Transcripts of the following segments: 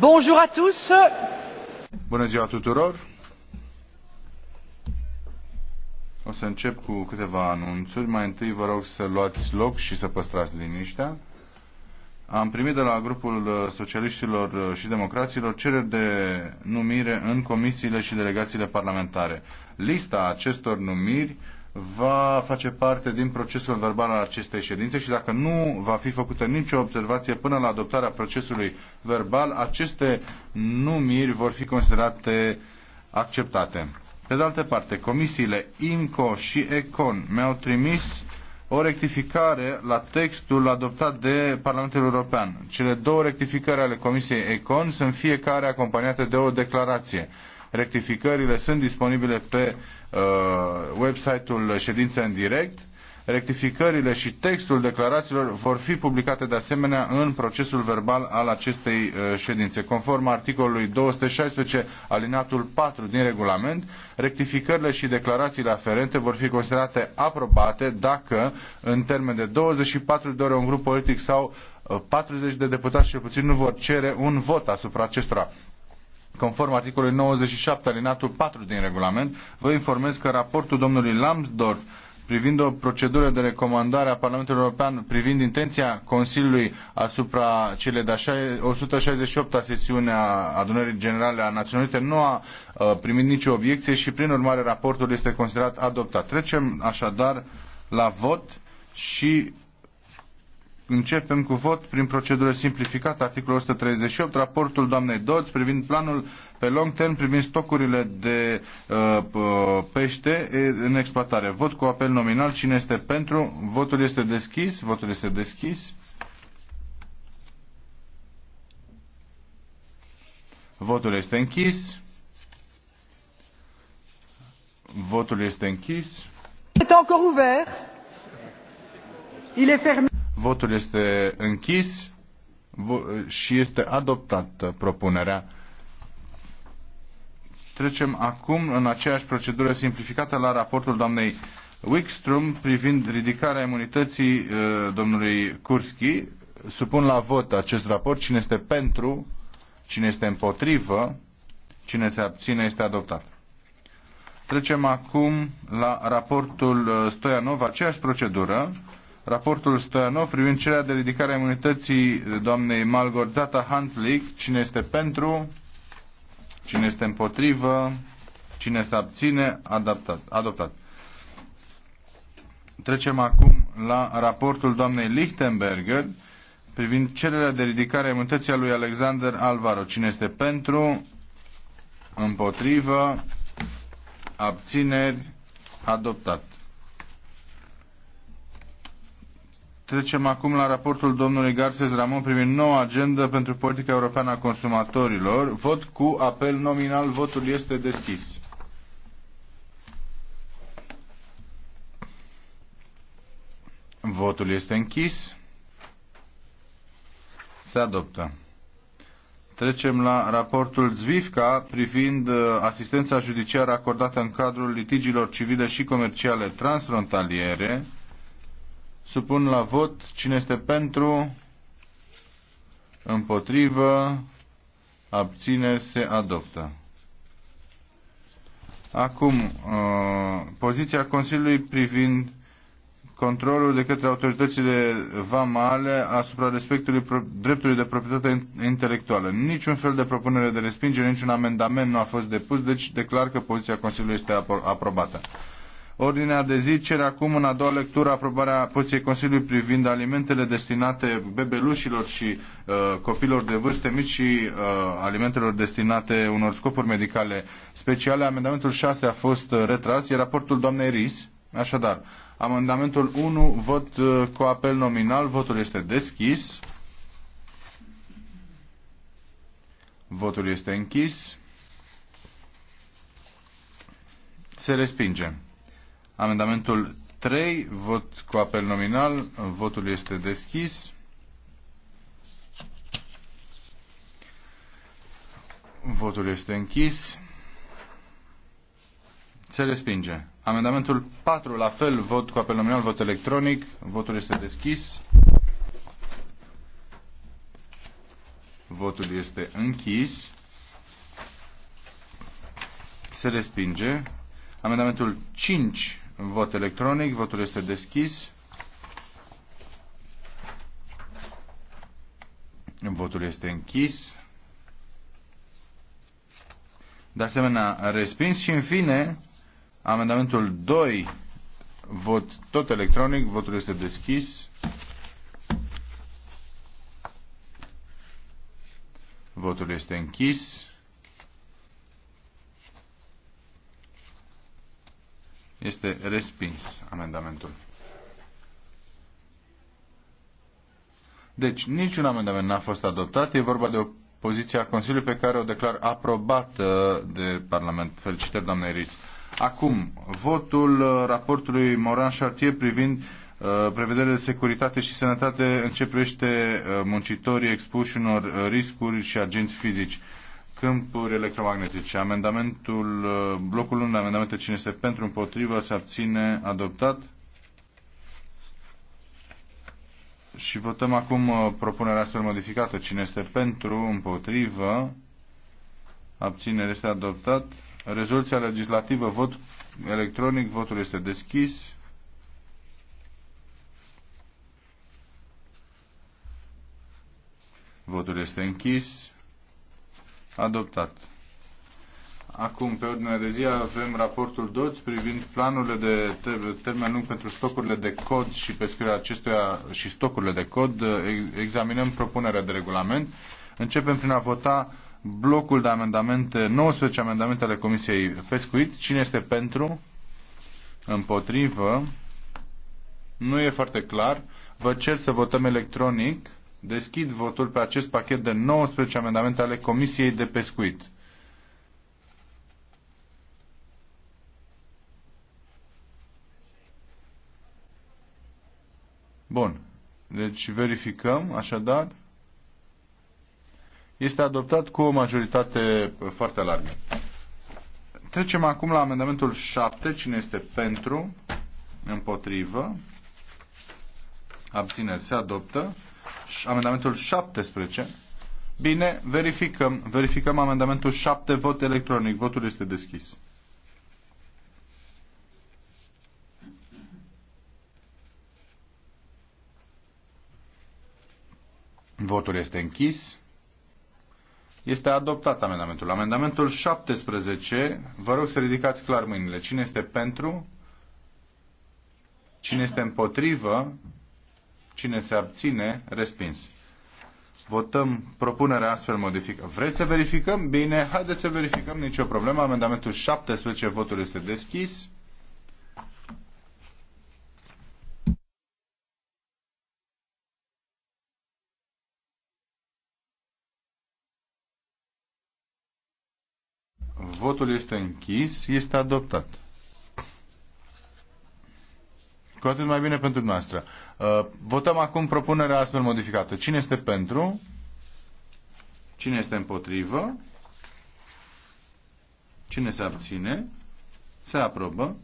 Bonjour à tous. Bună ziua tuturor. O să încep cu câteva anunțuri. Mai întâi vă rog să luați loc și să păstrați liniștea. Am primit de la grupul socialiștilor și democraților cereri de numire în comisiile și delegațiile parlamentare. Lista acestor numiri va face parte din procesul verbal al acestei ședințe și dacă nu va fi făcută nicio observație până la adoptarea procesului verbal, aceste numiri vor fi considerate acceptate. Pe de altă parte, comisiile IMCO și ECON mi-au trimis o rectificare la textul adoptat de Parlamentul European. Cele două rectificări ale Comisiei ECON sunt fiecare acompaniate de o declarație. Rectificările sunt disponibile pe uh, website-ul ședința în direct. Rectificările și textul declarațiilor vor fi publicate de asemenea în procesul verbal al acestei uh, ședințe. Conform articolului 216 alinatul 4 din regulament, rectificările și declarațiile aferente vor fi considerate aprobate dacă în termen de 24 de ore un grup politic sau 40 uh, de deputați cel puțin nu vor cere un vot asupra acestora. Conform articolului 97 alinatul 4 din regulament, vă informez că raportul domnului Lambsdorff privind o procedură de recomandare a Parlamentului European privind intenția Consiliului asupra cele de 168-a sesiune a adunării generale a Națiunilor Unite nu a uh, primit nicio obiecție și prin urmare raportul este considerat adoptat. Trecem așadar la vot și Începem cu vot prin procedură simplificată, articolul 138, raportul doamnei Dodds privind planul pe long term privind stocurile de uh, pește în exploatare. Vot cu apel nominal. Cine este pentru? Votul este deschis. Votul este deschis. Votul este închis. Votul este închis. Este încă ouvert. Il est fermé. Votul este închis și este adoptată propunerea. Trecem acum în aceeași procedură simplificată la raportul doamnei Wickstrom privind ridicarea imunității uh, domnului Kurski. Supun la vot acest raport. Cine este pentru, cine este împotrivă, cine se abține este adoptat. Trecem acum la raportul uh, Stoianov, aceeași procedură raportul Stoianov privind cererea de ridicare a imunității doamnei Malgorzata Hanslick. Cine este pentru? Cine este împotrivă? Cine se abține? Adaptat, adoptat. Trecem acum la raportul doamnei Lichtenberger privind cererea de ridicare a imunității a lui Alexander Alvaro. Cine este pentru? Împotrivă? Abțineri? Adoptat. Trecem acum la raportul domnului Garces Ramon privind noua agendă pentru politica europeană a consumatorilor. Vot cu apel nominal. Votul este deschis. Votul este închis. Se adoptă. Trecem la raportul Zvivca privind uh, asistența judiciară acordată în cadrul litigiilor civile și comerciale transfrontaliere. Supun la vot cine este pentru, împotrivă, abțineri se adoptă. Acum, uh, poziția Consiliului privind controlul de către autoritățile vamale asupra respectului dreptului de proprietate intelectuală. Niciun fel de propunere de respingere, niciun amendament nu a fost depus, deci declar că poziția Consiliului este aprobată. Ordinea de zi cere acum în a doua lectură aprobarea poziției Consiliului privind alimentele destinate bebelușilor și uh, copilor de vârste mici și uh, alimentelor destinate unor scopuri medicale speciale. Amendamentul 6 a fost uh, retras, e raportul doamnei Ris. Așadar, amendamentul 1, vot uh, cu apel nominal, votul este deschis. Votul este închis. Se respinge. Amendamentul 3, vot cu apel nominal, votul este deschis. Votul este închis. Se respinge. Amendamentul 4, la fel, vot cu apel nominal, vot electronic, votul este deschis. Votul este închis. Se respinge. Amendamentul 5, Vot electronic, votul este deschis. Votul este închis. De asemenea, respins și în fine, amendamentul 2, vot tot electronic, votul este deschis. Votul este închis. Este respins amendamentul. Deci, niciun amendament n-a fost adoptat. E vorba de o poziție a Consiliului pe care o declar aprobată de Parlament. Felicitări, doamne Riz. Acum, votul uh, raportului Moran Chartier privind uh, prevederile de securitate și sănătate începește uh, muncitorii expuși unor uh, riscuri și agenți fizici câmpuri electromagnetice. Amendamentul, uh, blocul 1 de amendamente, cine este pentru, împotrivă, se abține, adoptat. Și votăm acum uh, propunerea astfel modificată. Cine este pentru, împotrivă, abținere este adoptat. Rezoluția legislativă, vot electronic, votul este deschis. Votul este închis. Adoptat. Acum, pe ordinea de zi, avem raportul DOTS privind planurile de termen lung pentru stocurile de cod și pescuirea acestuia și stocurile de cod. Examinăm propunerea de regulament. Începem prin a vota blocul de amendamente, 19 amendamente ale Comisiei Pescuit. Cine este pentru? Împotrivă? Nu e foarte clar. Vă cer să votăm electronic. Deschid votul pe acest pachet de 19 amendamente ale Comisiei de Pescuit. Bun. Deci verificăm, așadar. Este adoptat cu o majoritate foarte largă. Trecem acum la amendamentul 7. Cine este pentru? Împotrivă? Abțineri. Se adoptă amendamentul 17. Bine, verificăm. Verificăm amendamentul 7, vot electronic. Votul este deschis. Votul este închis. Este adoptat amendamentul. Amendamentul 17. Vă rog să ridicați clar mâinile. Cine este pentru? Cine este împotrivă? Cine se abține, respins. Votăm propunerea astfel modificată. Vreți să verificăm? Bine, haideți să verificăm, nicio problemă. Amendamentul 17, votul este deschis. Votul este închis, este adoptat cu atât mai bine pentru noastră. Uh, votăm acum propunerea astfel modificată. Cine este pentru? Cine este împotrivă? Cine se abține? Se aprobă.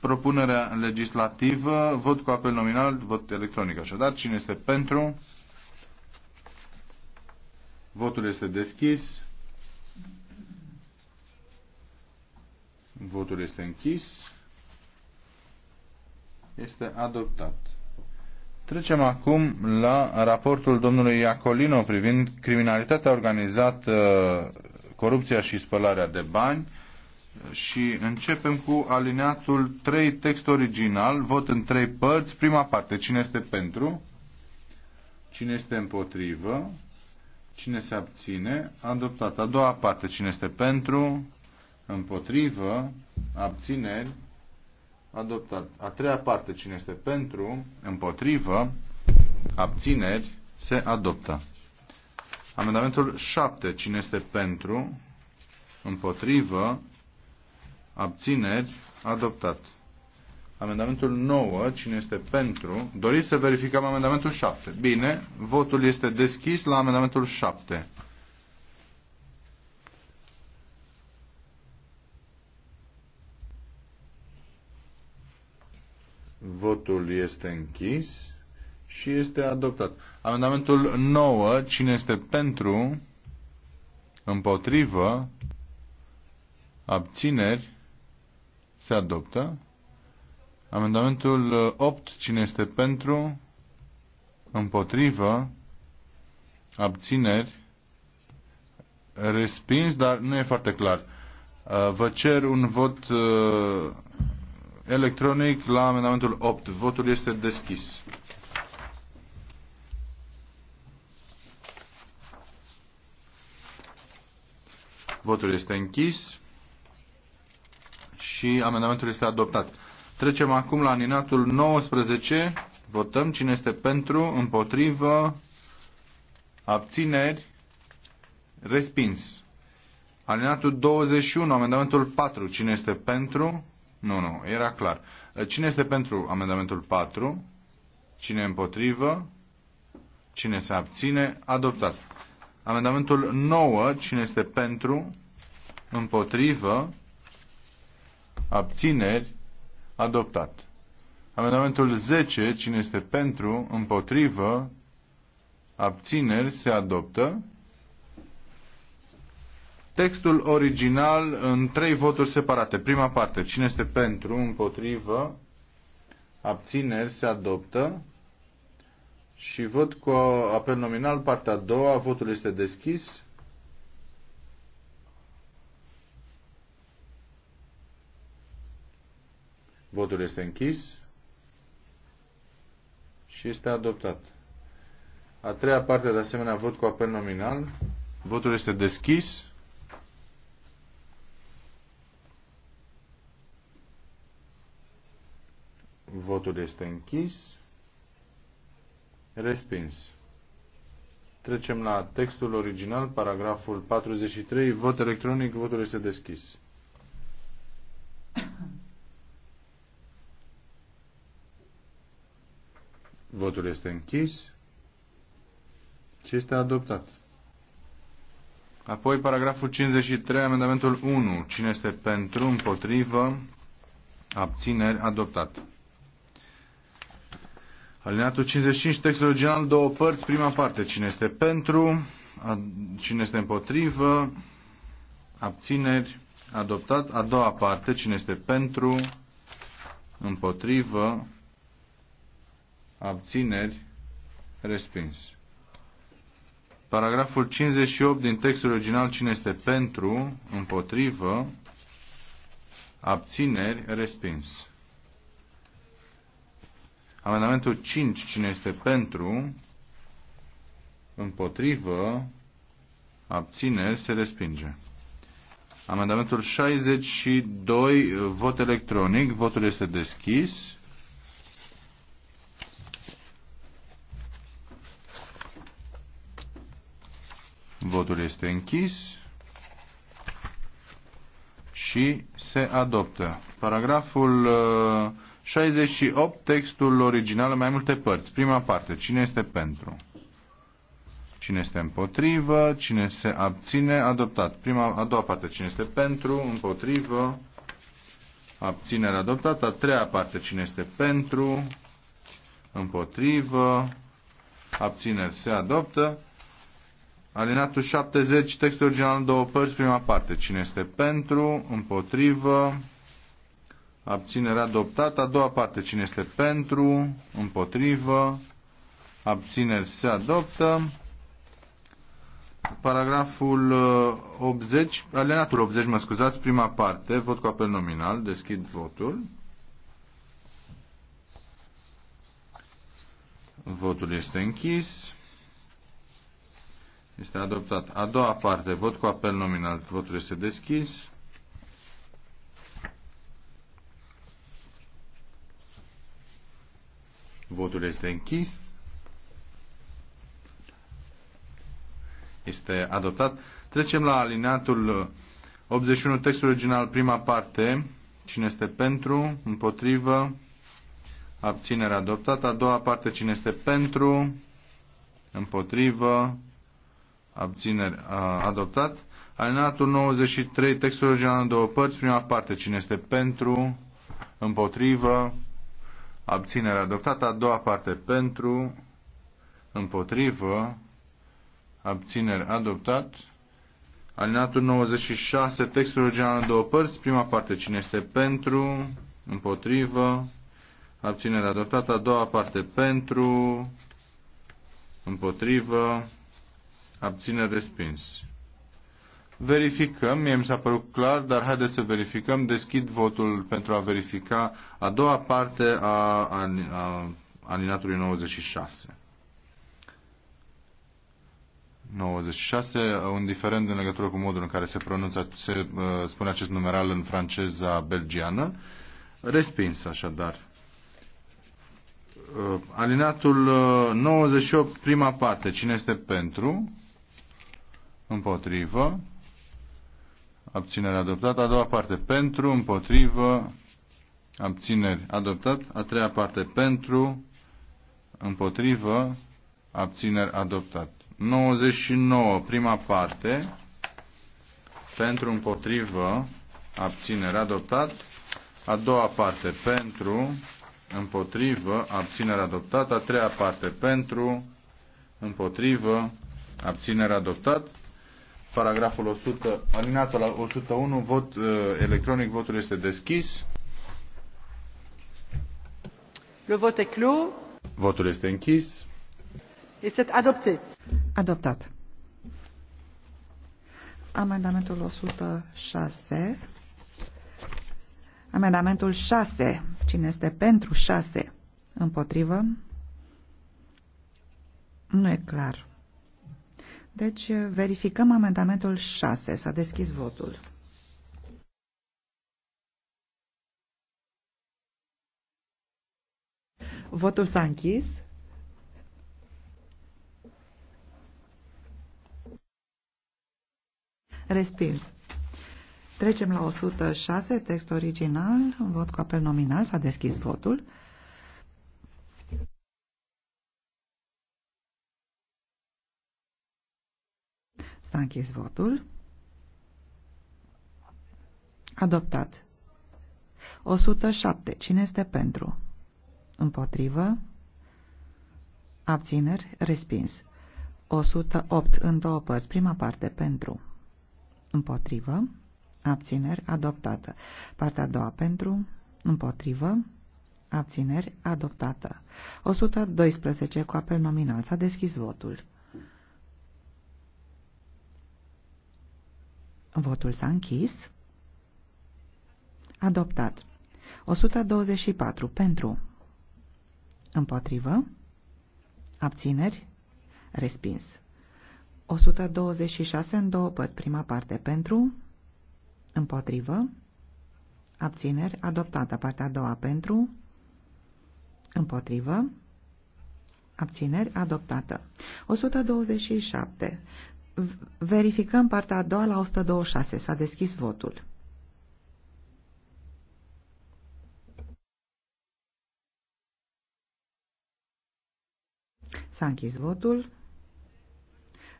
Propunerea legislativă, vot cu apel nominal, vot electronic așadar. Cine este pentru? Votul este deschis. Votul este închis. Este adoptat. Trecem acum la raportul domnului Iacolino privind criminalitatea organizată, corupția și spălarea de bani și începem cu alineatul 3, text original, vot în 3 părți, prima parte, cine este pentru, cine este împotrivă, cine se abține, adoptat. A doua parte, cine este pentru, împotrivă, abțineri, adoptat. A treia parte, cine este pentru, împotrivă, abțineri, se adoptă. Amendamentul 7, cine este pentru, împotrivă, abțineri, adoptat. Amendamentul 9, cine este pentru, doriți să verificăm amendamentul 7. Bine, votul este deschis la amendamentul 7. Votul este închis și este adoptat. Amendamentul 9. Cine este pentru? Împotrivă? Abțineri? Se adoptă. Amendamentul 8. Uh, cine este pentru? Împotrivă? Abțineri? Respins, dar nu e foarte clar. Uh, vă cer un vot uh, electronic la amendamentul 8. Votul este deschis. Votul este închis și amendamentul este adoptat. Trecem acum la aninatul 19. Votăm cine este pentru, împotrivă, abțineri, respins. Alinatul 21, amendamentul 4. Cine este pentru, nu, nu, era clar. Cine este pentru amendamentul 4? Cine împotrivă? Cine se abține? Adoptat. Amendamentul 9, cine este pentru? Împotrivă? Abțineri? Adoptat. Amendamentul 10, cine este pentru? Împotrivă? Abțineri? Se adoptă. Textul original în trei voturi separate. Prima parte, cine este pentru, împotrivă, abțineri, se adoptă. Și văd cu apel nominal, partea a doua, votul este deschis. Votul este închis și este adoptat. A treia parte, de asemenea, vot cu apel nominal. Votul este deschis. Votul este închis. Respins. Trecem la textul original, paragraful 43. Vot electronic, votul este deschis. Votul este închis și este adoptat. Apoi paragraful 53, amendamentul 1. Cine este pentru, împotrivă, abțineri, adoptat. Alineatul 55, textul original, două părți, prima parte. Cine este pentru, cine este împotrivă, abțineri, adoptat. A doua parte, cine este pentru, împotrivă, abțineri, respins. Paragraful 58 din textul original, cine este pentru, împotrivă, abțineri, respins. Amendamentul 5, cine este pentru, împotrivă, abține, se respinge. Amendamentul 62, vot electronic, votul este deschis. Votul este închis și se adoptă. Paragraful uh, 68, textul original în mai multe părți. Prima parte, cine este pentru? Cine este împotrivă? Cine se abține? Adoptat. Prima, a doua parte, cine este pentru? Împotrivă? Abținere adoptată. A treia parte, cine este pentru? Împotrivă? Abținere se adoptă. Alinatul 70, textul original în două părți, prima parte. Cine este pentru? Împotrivă? abținere adoptat. A doua parte, cine este pentru, împotrivă, abțineri se adoptă. Paragraful 80, alienatul 80, mă scuzați, prima parte, vot cu apel nominal, deschid votul. Votul este închis. Este adoptat. A doua parte, vot cu apel nominal, votul este deschis. Votul este închis. Este adoptat. Trecem la alineatul 81, uh, textul original, prima parte. Cine este pentru? Împotrivă? Abținere adoptată. A doua parte, cine este pentru? Împotrivă? Abținere uh, adoptat. Alinatul 93, textul original în două părți, prima parte, cine este pentru, împotrivă, abținere adoptată. A doua parte pentru, împotrivă, abținere adoptat. Alinatul 96, textul original în două părți. Prima parte, cine este pentru, împotrivă, abținere adoptată. A doua parte, pentru, împotrivă, abținere respins. Verificăm, mie mi s-a părut clar, dar haideți să verificăm. Deschid votul pentru a verifica a doua parte a, a, a alinatului 96. 96, un diferent în legătură cu modul în care se pronunță, se uh, spune acest numeral în franceza belgiană. Respins, așadar. Uh, alinatul uh, 98, prima parte. Cine este pentru? Împotrivă abținere adoptat. A doua parte pentru, împotrivă, abțineri adoptat. A treia parte pentru, împotrivă, abțineri adoptat. 99, prima parte, pentru, împotrivă, abținere adoptat. A doua parte pentru, împotrivă, abținere adoptat. A treia parte pentru, împotrivă, abținere adoptat paragraful 100, alineatul 101, vot uh, electronic, votul este deschis. Le vot est clos. Votul este închis. Este adopté. Adoptat. Amendamentul 106. Amendamentul 6. Cine este pentru 6? Împotrivă? Nu e clar. Deci verificăm amendamentul 6. S-a deschis votul. Votul s-a închis. Respins. Trecem la 106, text original, vot cu apel nominal, s-a deschis votul. S-a închis votul. Adoptat. 107. Cine este pentru? Împotrivă. Abțineri. Respins. 108. În două părți. Prima parte. Pentru. Împotrivă. Abțineri. Adoptată. Partea a doua. Pentru. Împotrivă. Abțineri. Adoptată. 112. Cu apel nominal. S-a deschis votul. Votul s-a închis. Adoptat. 124 pentru. Împotrivă. Abțineri. Respins. 126 în două păt. Prima parte pentru. Împotrivă. Abțineri. Adoptată. Partea a doua pentru. Împotrivă. Abțineri. Adoptată. 127 Verificăm partea a doua la 126. S-a deschis votul. S-a închis votul.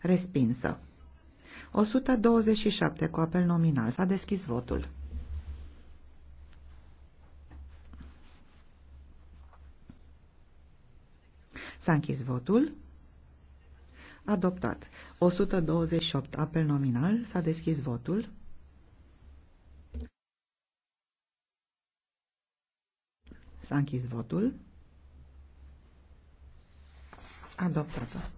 Respinsă. 127 cu apel nominal. S-a deschis votul. S-a închis votul. Adoptat. 128. Apel nominal. S-a deschis votul. S-a închis votul. Adoptată.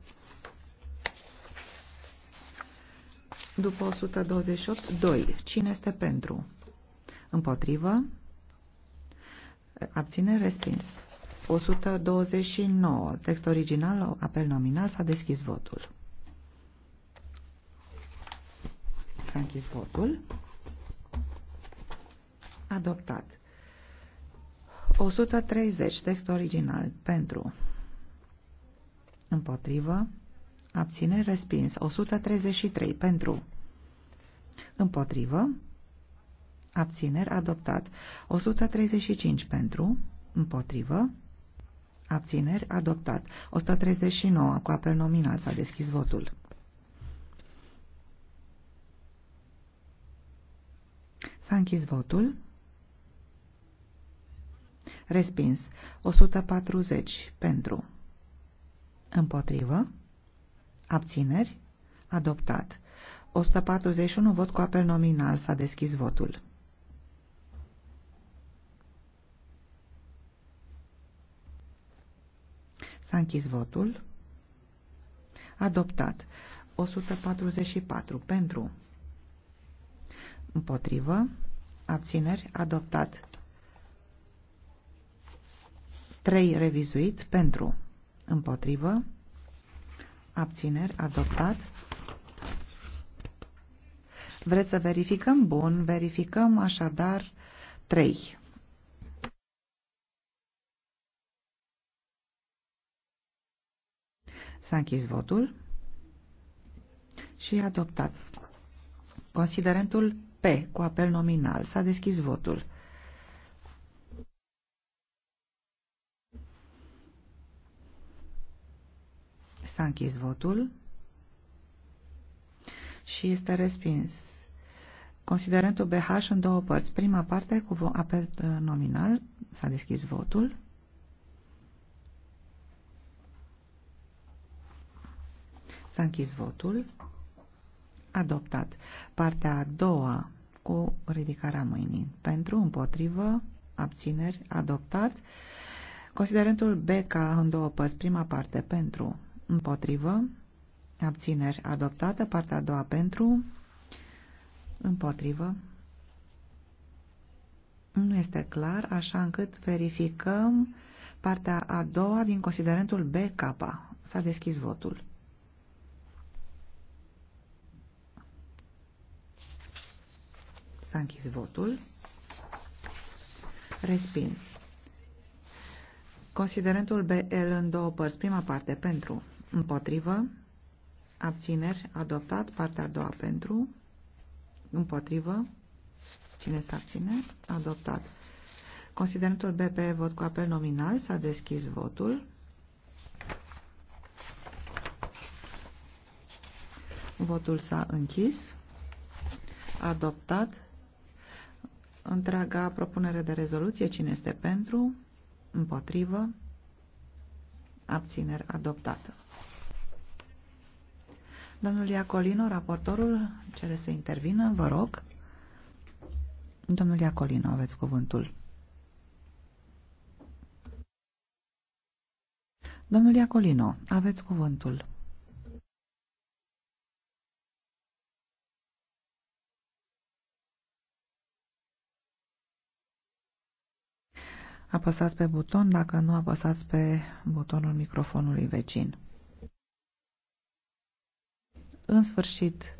După 128, 2. Cine este pentru? Împotrivă? Abține respins. 129. Text original, apel nominal, s-a deschis votul. S-a închis votul. Adoptat. 130. Text original. Pentru. Împotrivă. Abține. Respins. 133. Pentru. Împotrivă. Abțineri adoptat. 135 pentru, împotrivă, Abțineri adoptat. 139 cu apel nominal s-a deschis votul. S-a închis votul. Respins. 140 pentru. Împotrivă. Abțineri. Adoptat. 141 vot cu apel nominal s-a deschis votul. S-a închis votul. Adoptat. 144 pentru. Împotrivă. Abțineri. Adoptat. 3 revizuit pentru. Împotrivă. Abțineri. Adoptat. Vreți să verificăm? Bun, verificăm așadar 3. S-a închis votul și adoptat. Considerentul P cu apel nominal. S-a deschis votul. S-a închis votul și este respins. Considerentul BH în două părți. Prima parte cu apel uh, nominal. S-a deschis votul. S-a închis votul. Adoptat. Partea a doua cu ridicarea mâinii. Pentru, împotrivă, abțineri, adoptat. Considerentul B ca în două părți, prima parte pentru, împotrivă, abțineri, adoptată, partea a doua pentru, împotrivă. Nu este clar, așa încât verificăm partea a doua din considerentul BK. S-a deschis votul. S-a închis votul. Respins. Considerentul BL în două părți. Prima parte pentru, împotrivă, abțineri, adoptat. Partea a doua pentru, împotrivă, cine s-a abține, adoptat. Considerentul BP vot cu apel nominal. S-a deschis votul. Votul s-a închis. Adoptat întreaga propunere de rezoluție. Cine este pentru? Împotrivă? Abțineri adoptată. Domnul Iacolino, raportorul, cere să intervină, vă rog. Domnul Iacolino, aveți cuvântul. Domnul Iacolino, aveți cuvântul. Apăsați pe buton, dacă nu apăsați pe butonul microfonului vecin. În sfârșit,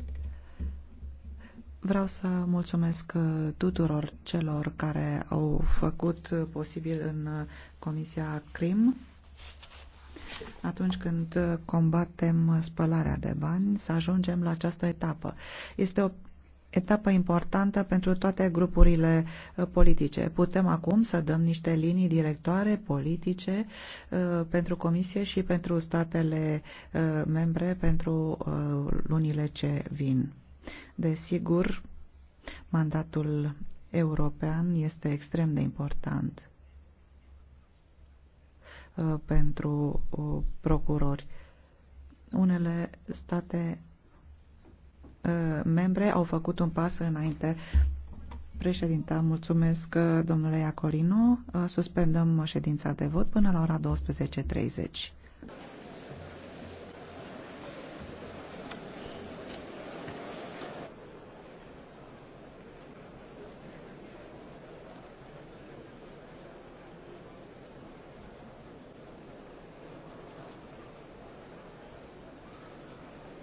vreau să mulțumesc tuturor celor care au făcut posibil în Comisia CRIM atunci când combatem spălarea de bani, să ajungem la această etapă. Este o etapă importantă pentru toate grupurile uh, politice. Putem acum să dăm niște linii directoare politice uh, pentru Comisie și pentru statele uh, membre pentru lunile ce vin. Desigur, mandatul european este extrem de important pentru procurori. Unele state Uh, membre au făcut un pas înainte. Președinta, mulțumesc uh, domnule Iacolino. Uh, suspendăm ședința de vot până la ora 12.30.